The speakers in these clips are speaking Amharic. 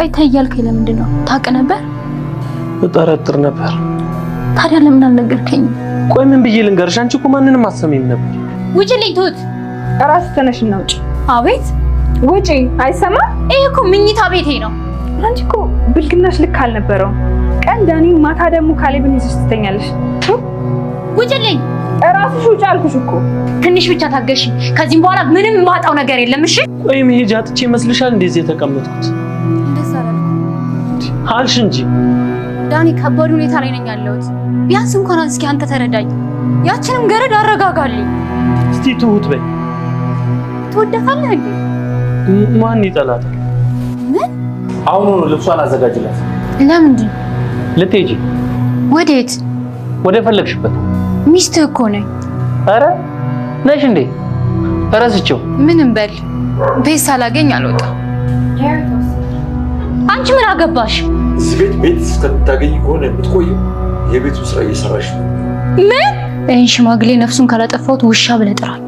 ቆይ ተይ እያልከኝ ለምንድን ነው? ታውቅ ነበር? እጠረጥር ነበር። ታዲያ ለምን አልነገርከኝ? ቆይ ምን ብዬ ልንገርሽ? አንቺ እኮ ማንንም አሰሚም ነበር። ውጪ ልኝ ትሁት፣ እራስሽ ተነሽና ውጪ። አቤት ውጪ። አይሰማም? ይሄ እኮ ምኝታ ቤቴ ነው። አንቺ እኮ ብልግናሽ ልክ አልነበረውም። ቀን ዳኒ፣ ማታ ደግሞ ካሌብን ይዘሽ ትተኛለሽ። ውጪልኝ! እራስሽ ውጭ አልኩሽ እኮ። ትንሽ ብቻ ታገሽ። ከዚህም በኋላ ምንም የማጣው ነገር የለም። እሺ? ቆይ መሄጃ አጥቼ ይመስልሻል እንደዚህ የተቀመጥኩት? አልሽ እንጂ ዳኒ፣ ከባድ ሁኔታ ላይ ነኝ ያለሁት። ቢያንስ እንኳን እስኪ አንተ ተረዳኝ፣ ያችንም ገረድ አረጋጋልኝ። እስቲ ትሁት በይ። ትወዳታለህ እንዴ? ማን ይጠላታል? ምን? ነው? ልብሷን አዘጋጅላት። ለምንድን ልትሄጂ? ወዴት? ወደ ፈለግሽበት። ሚስትህ እኮ ነኝ። አረ ነሽ እንዴ? እረስቸው። ምንም በል ቤት ሳላገኝ አልወጣም። አንቺ ምን አገባሽ? እዚህ ቤት ቤት እስከምታገኝ ከሆነ የምትቆይ የቤቱ ስራ እየሰራሽ ነው። ምን ይህን ሽማግሌ ነፍሱን ካላጠፋሁት ውሻ ብለህ ጥራኝ።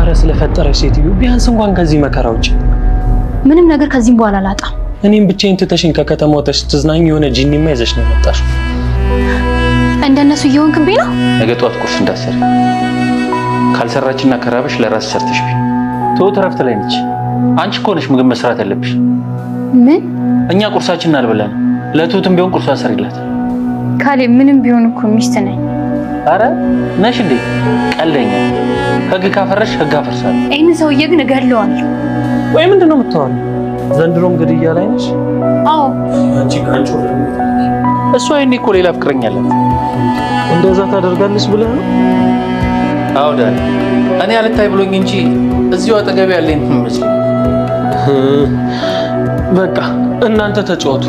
አረ ስለፈጠረሽ ሴትዮ ቢያንስ እንኳን ከዚህ መከራ ውጭ ምንም ነገር ከዚህም በኋላ አላጣም። እኔም ብቻዬን ትተሽኝ ከከተማ ተሽ ትዝናኝ የሆነ ጂኒማ ይዘሽ ነው የመጣሽ። እንደነሱ እየሆን ክንቤ ነው። ነገ ጠዋት ቁርስ እንዳሰር ካልሰራችና ከራበሽ ለራስ ሰርተሽ ቢ ትሁት እረፍት ላይ ነች። አንቺ እኮ ነሽ ምግብ መስራት ያለብሽ። ምን እኛ ቁርሳችንን አልበላንም። ለትሁትም ቢሆን ቁርሷ አሰሪላት። ካሌ ምንም ቢሆን እኮ ሚስት ነኝ። አረ ነሽ እንዴ? ቀልደኛ። ህግ ካፈረሽ ህግ አፈርሳለሁ። ይህን ሰውዬ ግን እገለዋለሁ። ወይ ምንድን ነው የምታወሪው? ዘንድሮም ግድያ ላይ ነሽ? አዎ። እሱ አይኔ እኮ ሌላ ፍቅረኛ አላት። እንደዛ ታደርጋለች ብለህ ነው? አዎ ዳኒ፣ እኔ አልታይ ብሎኝ እንጂ እዚሁ አጠገብ ያለኝ ትመስለኝ። በቃ እናንተ ተጫወቱ።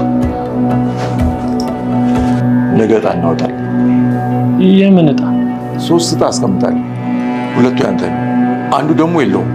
ነገ ዕጣ እናወጣለን። የምን ዕጣ? ሶስት ዕጣ አስቀምጣለሁ። ሁለቱ ያንተ ነው፣ አንዱ ደግሞ የለውም።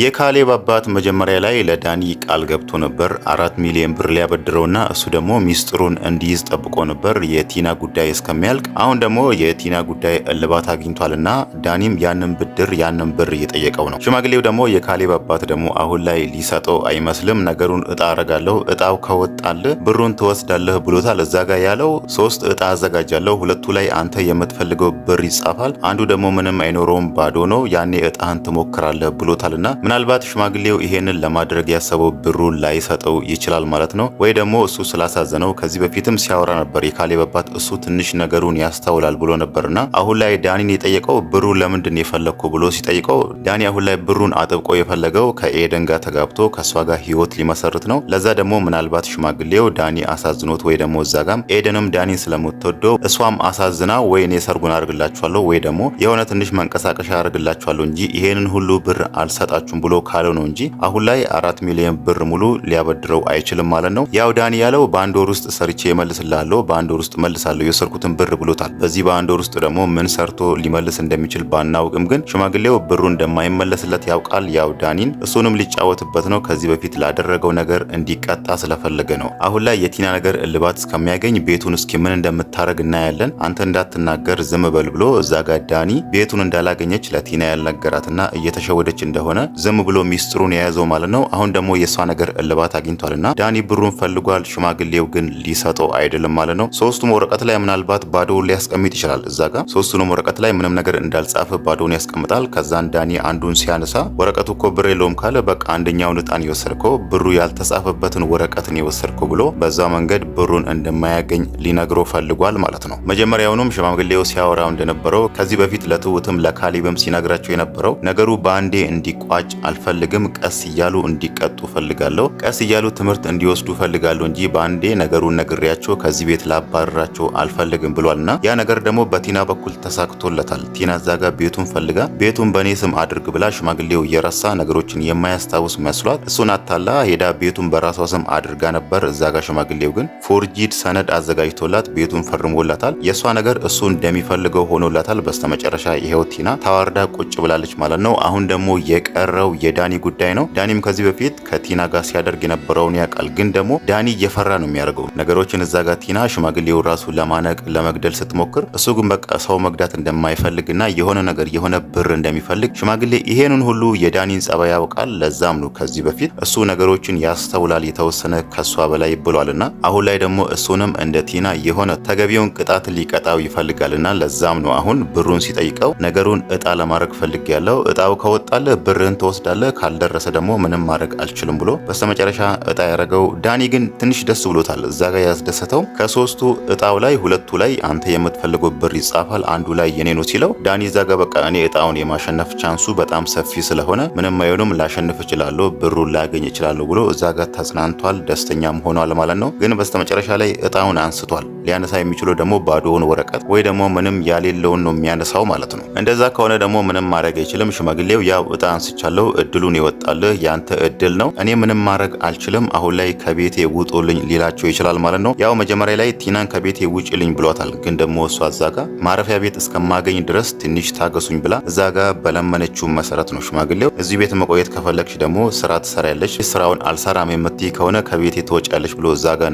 የካሌብ አባት መጀመሪያ ላይ ለዳኒ ቃል ገብቶ ነበር። አራት ሚሊዮን ብር ሊያበድረውና እሱ ደግሞ ሚስጥሩን እንዲይዝ ጠብቆ ነበር የቲና ጉዳይ እስከሚያልቅ። አሁን ደግሞ የቲና ጉዳይ እልባት አግኝቷልና ዳኒም ያንን ብድር ያንን ብር እየጠየቀው ነው። ሽማግሌው ደግሞ የካሌብ አባት ደግሞ አሁን ላይ ሊሰጠው አይመስልም። ነገሩን እጣ አረጋለሁ፣ እጣው ከወጣል ብሩን ትወስዳለህ ብሎታል። እዛ ጋ ያለው ሶስት እጣ አዘጋጃለሁ። ሁለቱ ላይ አንተ የምትፈልገው ብር ይጻፋል፣ አንዱ ደግሞ ምንም አይኖረውም ባዶ ነው። ያኔ እጣህን ትሞክራለህ ብሎታልና ምናልባት ሽማግሌው ይሄንን ለማድረግ ያሰበው ብሩን ላይሰጠው ይችላል ማለት ነው። ወይ ደግሞ እሱ ስላሳዘነው ከዚህ በፊትም ሲያወራ ነበር የካሌብ አባት እሱ ትንሽ ነገሩን ያስተውላል ብሎ ነበርና አሁን ላይ ዳኒን የጠየቀው ብሩ ለምንድን የፈለግኩ ብሎ ሲጠይቀው ዳኒ አሁን ላይ ብሩን አጥብቆ የፈለገው ከኤደን ጋር ተጋብቶ ከእሷ ጋር ህይወት ሊመሰርት ነው። ለዛ ደግሞ ምናልባት ሽማግሌው ዳኒ አሳዝኖት ወይ ደግሞ እዛ ጋም ኤደንም ዳኒን ስለምትወደው እሷም አሳዝና ወይ እኔ ሰርጉን አርግላችኋለሁ ወይ ደግሞ የሆነ ትንሽ መንቀሳቀሻ አርግላችኋለሁ እንጂ ይሄንን ሁሉ ብር አልሰጣችሁም አልሰጥም ብሎ ካለው ነው እንጂ አሁን ላይ አራት ሚሊዮን ብር ሙሉ ሊያበድረው አይችልም ማለት ነው። ያው ዳኒ ያለው በአንድ ወር ውስጥ ሰርቼ መልስላለሁ፣ በአንድ ወር ውስጥ መልሳለሁ የሰርኩትን ብር ብሎታል። በዚህ በአንድ ወር ውስጥ ደግሞ ምን ሰርቶ ሊመልስ እንደሚችል ባናውቅም ግን ሽማግሌው ብሩ እንደማይመለስለት ያውቃል። ያው ዳኒን እሱንም ሊጫወትበት ነው። ከዚህ በፊት ላደረገው ነገር እንዲቀጣ ስለፈለገ ነው። አሁን ላይ የቲና ነገር እልባት እስከሚያገኝ ቤቱን እስኪ ምን እንደምታረግ እናያለን፣ አንተ እንዳትናገር ዝም በል ብሎ እዛ ጋር ዳኒ ቤቱን እንዳላገኘች ለቲና ያልነገራትና እየተሸወደች እንደሆነ ዝም ብሎ ሚስጥሩን የያዘው ማለት ነው። አሁን ደግሞ የእሷ ነገር እልባት አግኝቷልና ዳኒ ብሩን ፈልጓል። ሽማግሌው ግን ሊሰጠው አይደለም ማለት ነው። ሶስቱም ወረቀት ላይ ምናልባት ባዶውን ሊያስቀምጥ ይችላል። እዛ ጋር ሶስቱንም ወረቀት ላይ ምንም ነገር እንዳልጻፈ ባዶውን ያስቀምጣል። ከዛን ዳኒ አንዱን ሲያነሳ ወረቀቱ እኮ ብር የለውም ካለ በቃ አንደኛውን እጣን የወሰድከው ብሩ ያልተጻፈበትን ወረቀትን የወሰድከው ብሎ በዛ መንገድ ብሩን እንደማያገኝ ሊነግሮ ፈልጓል ማለት ነው። መጀመሪያውኑም ሽማግሌው ሲያወራው እንደነበረው ከዚህ በፊት ለትውትም ለካሊብም ሲነግራቸው የነበረው ነገሩ በአንዴ እንዲቋጭ አልፈልግም። ቀስ እያሉ እንዲቀጡ ፈልጋለሁ። ቀስ እያሉ ትምህርት እንዲወስዱ ፈልጋለሁ እንጂ በአንዴ ነገሩን ነግሬያቸው ከዚህ ቤት ላባረራቸው አልፈልግም ብሏልና ያ ነገር ደግሞ በቲና በኩል ተሳክቶለታል። ቲና ዛጋ ቤቱን ፈልጋ ቤቱን በእኔ ስም አድርግ ብላ ሽማግሌው እየረሳ ነገሮችን የማያስታውስ መስሏት እሱን አታላ ሄዳ ቤቱን በራሷ ስም አድርጋ ነበር። እዛ ሽማግሌው ግን ፎርጂድ ሰነድ አዘጋጅቶላት ቤቱን ፈርሞላታል። የእሷ ነገር እሱ እንደሚፈልገው ሆኖላታል። በስተመጨረሻ ይሄው ቲና ታዋርዳ ቁጭ ብላለች ማለት ነው። አሁን ደግሞ የቀረው ያው የዳኒ ጉዳይ ነው። ዳኒም ከዚህ በፊት ከቲና ጋር ሲያደርግ የነበረውን ያውቃል። ግን ደግሞ ዳኒ እየፈራ ነው የሚያደርገው ነገሮችን እዛ ጋር ቲና ሽማግሌው ራሱ ለማነቅ ለመግደል ስትሞክር፣ እሱ ግን በቃ ሰው መግዳት እንደማይፈልግ የሆነ ነገር የሆነ ብር እንደሚፈልግ ሽማግሌ ይሄንን ሁሉ የዳኒን ጸባይ ያውቃል። ለዛም ነው ከዚህ በፊት እሱ ነገሮችን ያስተውላል የተወሰነ ከሷ በላይ ብሏልና አሁን ላይ ደግሞ እሱንም እንደ ቲና የሆነ ተገቢውን ቅጣት ሊቀጣው ይፈልጋልና ለዛም ነው አሁን ብሩን ሲጠይቀው ነገሩን እጣ ለማድረግ ፈልግ ያለው እጣው ከወጣለ ብርህን ትወስዳለህ፣ ካልደረሰ ደግሞ ምንም ማድረግ አልችልም ብሎ በስተመጨረሻ እጣ ያደረገው ዳኒ ግን ትንሽ ደስ ብሎታል። እዛ ጋር ያስደሰተው ከሶስቱ እጣው ላይ ሁለቱ ላይ አንተ የምትፈልገው ብር ይጻፋል፣ አንዱ ላይ የኔ ነው ሲለው ዳኒ እዛ ጋር በቃ እኔ እጣውን የማሸነፍ ቻንሱ በጣም ሰፊ ስለሆነ ምንም አይሆንም፣ ላሸንፍ እችላለሁ፣ ብሩን ላገኝ እችላለሁ ብሎ እዛ ጋር ተጽናንቷል፣ ደስተኛም ሆኗል ማለት ነው። ግን በስተመጨረሻ ላይ እጣውን አንስቷል። ሊያነሳ የሚችለው ደግሞ ባዶውን ወረቀት ወይ ደግሞ ምንም ያሌለውን ነው የሚያነሳው ማለት ነው። እንደዛ ከሆነ ደግሞ ምንም ማድረግ አይችልም። ሽማግሌው ያው እጣ አንስቻለሁ አለው። እድሉን ይወጣልህ፣ ያንተ እድል ነው። እኔ ምንም ማድረግ አልችልም። አሁን ላይ ከቤቴ ውጡልኝ ሊላቸው ይችላል ማለት ነው። ያው መጀመሪያ ላይ ቲናን ከቤቴ ውጭልኝ ብሏታል። ግን ደግሞ እሷ አዛጋ ጋ ማረፊያ ቤት እስከማገኝ ድረስ ትንሽ ታገሱኝ ብላ እዛ ጋ በለመነችው መሰረት ነው ሽማግሌው እዚህ ቤት መቆየት ከፈለግሽ ደግሞ ስራ ትሰሪያለሽ፣ ስራውን አልሰራም የምትይ ከሆነ ከቤቴ ትወጫለች ብሎ እዛ ጋ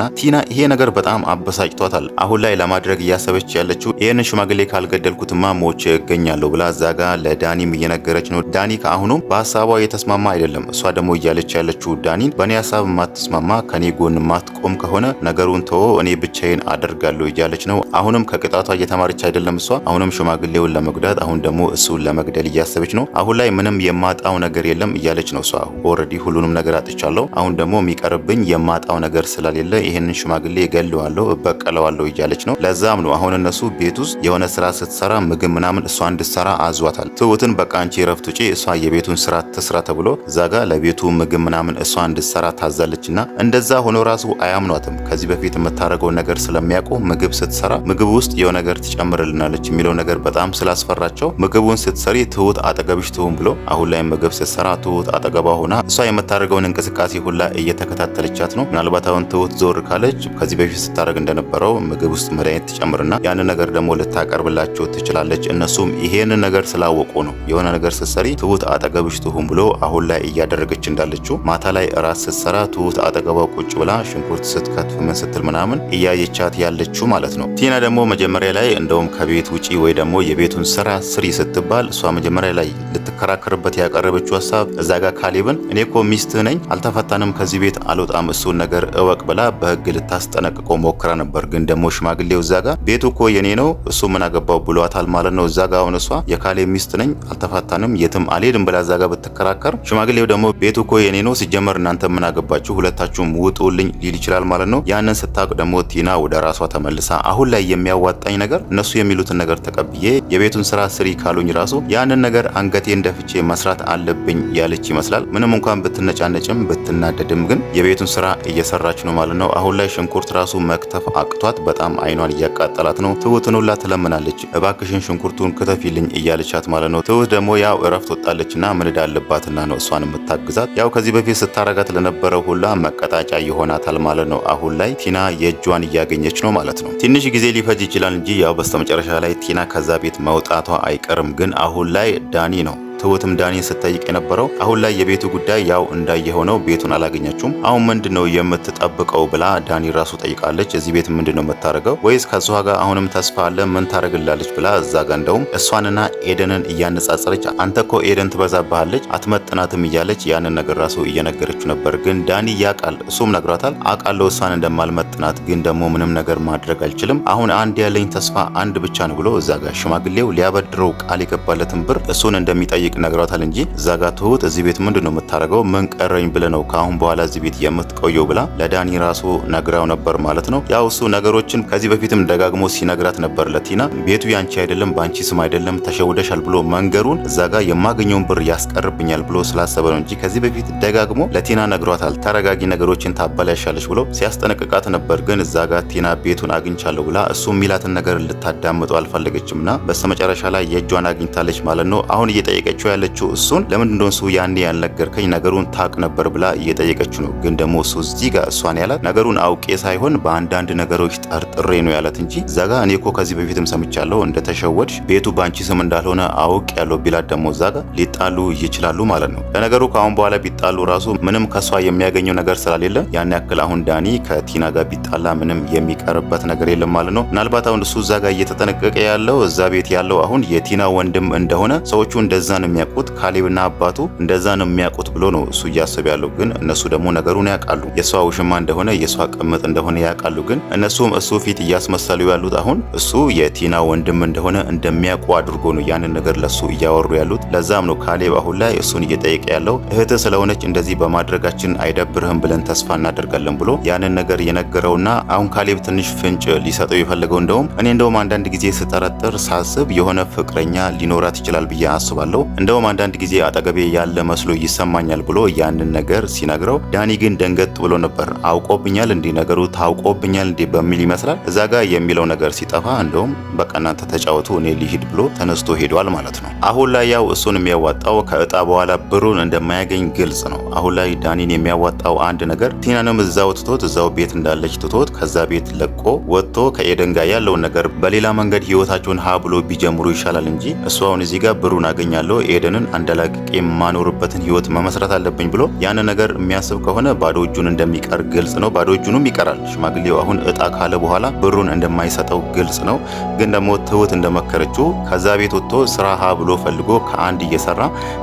ና ቲና ይሄ ነገር በጣም አበሳጭቷታል። አሁን ላይ ለማድረግ እያሰበች ያለችው ይህንን ሽማግሌ ካልገደልኩትማ ሞቼ እገኛለሁ ብላ እዛ ጋ ለዳኒም እየነገረች ነው። ዳኒ ከ አሁንም በሀሳቧ እየተስማማ አይደለም። እሷ ደግሞ እያለች ያለችው ዳኒን በእኔ ሀሳብ ማትስማማ ከኔ ጎን ማትቆም ከሆነ ነገሩን ተወ፣ እኔ ብቻዬን አደርጋለሁ እያለች ነው። አሁንም ከቅጣቷ እየተማረች አይደለም እሷ አሁንም ሽማግሌውን ለመጉዳት አሁን ደግሞ እሱን ለመግደል እያሰበች ነው። አሁን ላይ ምንም የማጣው ነገር የለም እያለች ነው እሷ። ኦልሬዲ ሁሉንም ነገር አጥቻለሁ፣ አሁን ደግሞ የሚቀርብኝ የማጣው ነገር ስለሌለ ይህንን ሽማግሌ እገለዋለሁ፣ እበቀለዋለሁ እያለች ነው። ለዛም ነው አሁን እነሱ ቤት ውስጥ የሆነ ስራ ስትሰራ ምግብ ምናምን እሷ እንድትሰራ አዟታል። ትሁትን በቃ አንቺ ረፍት ውጪ እሷ የቤቱን ስራ ትስራ ተብሎ እዛ ጋ ለቤቱ ምግብ ምናምን እሷ እንድትሰራ ታዛለች እና እንደዛ ሆኖ ራሱ አያምኗትም። ከዚህ በፊት የምታደርገውን ነገር ስለሚያውቁ ምግብ ስትሰራ ምግብ ውስጥ የው ነገር ትጨምርልናለች የሚለው ነገር በጣም ስላስፈራቸው ምግቡን ስትሰሪ ትሁት አጠገብሽ ትሁን ብሎ አሁን ላይ ምግብ ስትሰራ ትሁት አጠገባ ሆና እሷ የምታደርገውን እንቅስቃሴ ሁላ እየተከታተለቻት ነው። ምናልባት አሁን ትሁት ዞር ካለች ከዚህ በፊት ስታደርግ እንደነበረው ምግብ ውስጥ መድኃኒት ትጨምርና ያን ነገር ደግሞ ልታቀርብላቸው ትችላለች። እነሱም ይሄን ነገር ስላወቁ ነው የሆነ ነገር ስትሰሪ ትሁት አጠገብሽ ትሁን ብሎ አሁን ላይ እያደረገች እንዳለችው ማታ ላይ እራት ስትሰራ ትሁት አጠገቧ ቁጭ ብላ ሽንኩርት ስትከትፍ ምን ስትል ምናምን እያየቻት ያለችው ማለት ነው። ቲና ደግሞ መጀመሪያ ላይ እንደውም ከቤት ውጪ ወይ ደግሞ የቤቱን ስራ ስሪ ስትባል እሷ መጀመሪያ ላይ ልት ስትከራከርበት ያቀረበችው ሀሳብ እዛ ጋር ካሌብን እኔ እኮ ሚስትህ ነኝ አልተፈታንም፣ ከዚህ ቤት አልወጣም፣ እሱን ነገር እወቅ ብላ በህግ ልታስጠነቅቆ ሞክራ ነበር። ግን ደግሞ ሽማግሌው እዛ ጋ ቤቱ እኮ የኔ ነው እሱ ምን አገባው ብሏታል ማለት ነው። እዛ ጋ አሁን እሷ የካሌብ ሚስት ነኝ አልተፋታንም፣ የትም አልሄድም ብላ እዛ ጋ ብትከራከር ሽማግሌው ደግሞ ቤቱ እኮ የኔ ነው ሲጀመር እናንተ ምን አገባችሁ ሁለታችሁም ውጡልኝ ሊል ይችላል ማለት ነው። ያንን ስታውቅ ደግሞ ቲና ወደ ራሷ ተመልሳ አሁን ላይ የሚያዋጣኝ ነገር እነሱ የሚሉትን ነገር ተቀብዬ የቤቱን ስራ ስሪ ካሉኝ ራሱ ያንን ነገር አንገቴ ደፍቼ መስራት አለብኝ ያለች ይመስላል። ምንም እንኳን ብትነጫነጭም ብትናደድም ግን የቤቱን ስራ እየሰራች ነው ማለት ነው። አሁን ላይ ሽንኩርት ራሱ መክተፍ አቅቷት በጣም አይኗን እያቃጠላት ነው። ትሁትን ሁላ ትለምናለች፣ እባክሽን ሽንኩርቱን ክተፊልኝ እያለቻት ማለት ነው። ትሁት ደግሞ ያው እረፍት ወጣለችና ምንዳ አለባትና ነው እሷን የምታግዛት። ያው ከዚህ በፊት ስታረጋት ለነበረው ሁላ መቀጣጫ ይሆናታል ማለት ነው። አሁን ላይ ቲና የእጇን እያገኘች ነው ማለት ነው። ትንሽ ጊዜ ሊፈጅ ይችላል እንጂ ያው በስተመጨረሻ ላይ ቲና ከዛ ቤት መውጣቷ አይቀርም። ግን አሁን ላይ ዳኒ ነው ህይወትም ዳኒን ስትጠይቅ የነበረው አሁን ላይ የቤቱ ጉዳይ ያው እንዳየ ሆነው ቤቱን አላገኘችውም። አሁን ምንድን ነው የምትጠብቀው ብላ ዳኒ ራሱ ጠይቃለች። እዚህ ቤት ምንድን ነው የምታደርገው? ወይስ ከሷ ጋር አሁንም ተስፋ አለ? ምን ታደርግላለች ብላ እዛ ጋ እንደውም እሷንና ኤደንን እያነጻጸረች አንተ ኮ ኤደን ትበዛብሃለች፣ አትመጥናትም እያለች ያንን ነገር ራሱ እየነገረችው ነበር። ግን ዳኒ ያቃል እሱም ነግሯታል። አውቃለሁ እሷን እንደማልመጥናት ግን ደግሞ ምንም ነገር ማድረግ አልችልም። አሁን አንድ ያለኝ ተስፋ አንድ ብቻ ነው ብሎ እዛ ጋር ሽማግሌው ሊያበድረው ቃል የገባለትን ብር እሱን እንደሚጠይቅ ነግሯታል እንጂ እዛ ጋ ትሁት እዚህ ቤት ምንድን ነው የምታደርገው? ምን ቀረኝ ብለ ነው ከአሁን በኋላ እዚህ ቤት የምትቆየው? ብላ ለዳኒ ራሱ ነግራው ነበር ማለት ነው። ያው እሱ ነገሮችን ከዚህ በፊትም ደጋግሞ ሲነግራት ነበር ለቲና። ቤቱ ያንቺ አይደለም፣ በአንቺ ስም አይደለም፣ ተሸውደሻል ብሎ መንገሩን እዛ የማገኘውን ብር ያስቀርብኛል ብሎ ስላሰበ ነው እንጂ ከዚህ በፊት ደጋግሞ ለቲና ነግሯታል። ተረጋጊ፣ ነገሮችን ታበላሻለች ብሎ ሲያስጠነቅቃት ነበር። ግን እዛ ጋ ቲና ቤቱን አግኝቻለሁ ብላ እሱ የሚላትን ነገር ልታዳምጡ አልፈለገችም። ና በስተመጨረሻ ላይ የእጇን አግኝታለች ማለት ነው። አሁን እየጠየቀች እየጠየቀችው ያለችው እሱን ለምን እንደሆነ እሱ ያኔ ያልነገርከኝ ነገሩን ታቅ ነበር ብላ እየጠየቀችው ነው። ግን ደግሞ እሱ እዚህ ጋር እሷን ያላት ነገሩን አውቄ ሳይሆን በአንዳንድ ነገሮች ጠርጥሬ ነው ያላት እንጂ ዛጋ እኔ እኮ ከዚህ በፊትም ሰምቻለሁ እንደተሸወድሽ ቤቱ በአንቺ ስም እንዳልሆነ አውቅ ያለው ቢላት ደግሞ ዛጋ ሊጣሉ ይችላሉ ማለት ነው። ለነገሩ ከአሁን በኋላ ቢጣሉ ራሱ ምንም ከሷ የሚያገኘው ነገር ስለሌለ ያን ያክል አሁን ዳኒ ከቲና ጋር ቢጣላ ምንም የሚቀርበት ነገር የለም ማለት ነው። ምናልባት አሁን እሱ እዛ ጋር እየተጠነቀቀ ያለው እዛ ቤት ያለው አሁን የቲና ወንድም እንደሆነ ሰዎቹ እንደዛ ነው ነው የሚያውቁት፣ ካሌብና አባቱ እንደዛ ነው የሚያውቁት ብሎ ነው እሱ እያሰብ ያለው። ግን እነሱ ደግሞ ነገሩን ያውቃሉ። የእሷ ውሽማ እንደሆነ የእሷ ቅምጥ እንደሆነ ያውቃሉ። ግን እነሱም እሱ ፊት እያስመሰሉ ያሉት አሁን እሱ የቲና ወንድም እንደሆነ እንደሚያውቁ አድርጎ ነው ያንን ነገር ለሱ እያወሩ ያሉት። ለዛም ነው ካሌብ አሁን ላይ እሱን እየጠየቀ ያለው እህት ስለሆነች እንደዚህ በማድረጋችን አይደብርህም ብለን ተስፋ እናደርጋለን ብሎ ያንን ነገር የነገረውና አሁን ካሌብ ትንሽ ፍንጭ ሊሰጠው የፈለገው እንደውም እኔ እንደውም አንዳንድ ጊዜ ስጠረጥር ሳስብ የሆነ ፍቅረኛ ሊኖራት ይችላል ብዬ አስባለሁ እንደውም አንዳንድ ጊዜ አጠገቤ ያለ መስሎ ይሰማኛል ብሎ ያንን ነገር ሲነግረው ዳኒ ግን ደንገጥ ብሎ ነበር። አውቆብኛል እንዲ ነገሩ ታውቆብኛል እንዲ በሚል ይመስላል እዛ ጋር የሚለው ነገር ሲጠፋ እንደውም በቃ እናንተ ተጫወቱ እኔ ሊሂድ ብሎ ተነስቶ ሄዷል ማለት ነው። አሁን ላይ ያው እሱን የሚያዋጣው ከእጣ በኋላ ብሩን እንደማያገኝ ግልጽ ነው። አሁን ላይ ዳኒን የሚያዋጣው አንድ ነገር ቲናንም እዛው ትቶት እዛው ቤት እንዳለች ትቶት ከዛ ቤት ለቆ ወጥቶ ከኤደን ጋር ያለውን ነገር በሌላ መንገድ ህይወታቸውን ሀ ብሎ ቢጀምሩ ይሻላል እንጂ እሱ አሁን እዚህ ጋር ብሩን አገኛለሁ ኤደንን አንደላቅቄ የማኖርበትን ህይወት መመስረት አለብኝ ብሎ ያን ነገር የሚያስብ ከሆነ ባዶ እጁን እንደሚቀር ግልጽ ነው። ባዶ እጁንም ይቀራል። ሽማግሌው አሁን እጣ ካለ በኋላ ብሩን እንደማይሰጠው ግልጽ ነው። ግን ደግሞ ትሁት እንደመከረችው ከዛ ቤት ወጥቶ ስራ ሀ ብሎ ፈልጎ ከአንድ እየሰራ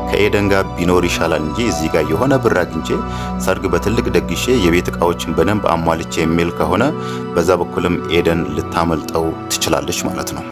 ከኤደን ጋር ቢኖር ይሻላል እንጂ እዚህ ጋር የሆነ ብር አግኝቼ ሰርግ በትልቅ ደግሼ የቤት እቃዎችን በደንብ አሟልቼ የሚል ከሆነ በዛ በኩልም ኤደን ልታመልጠው ትችላለች ማለት ነው።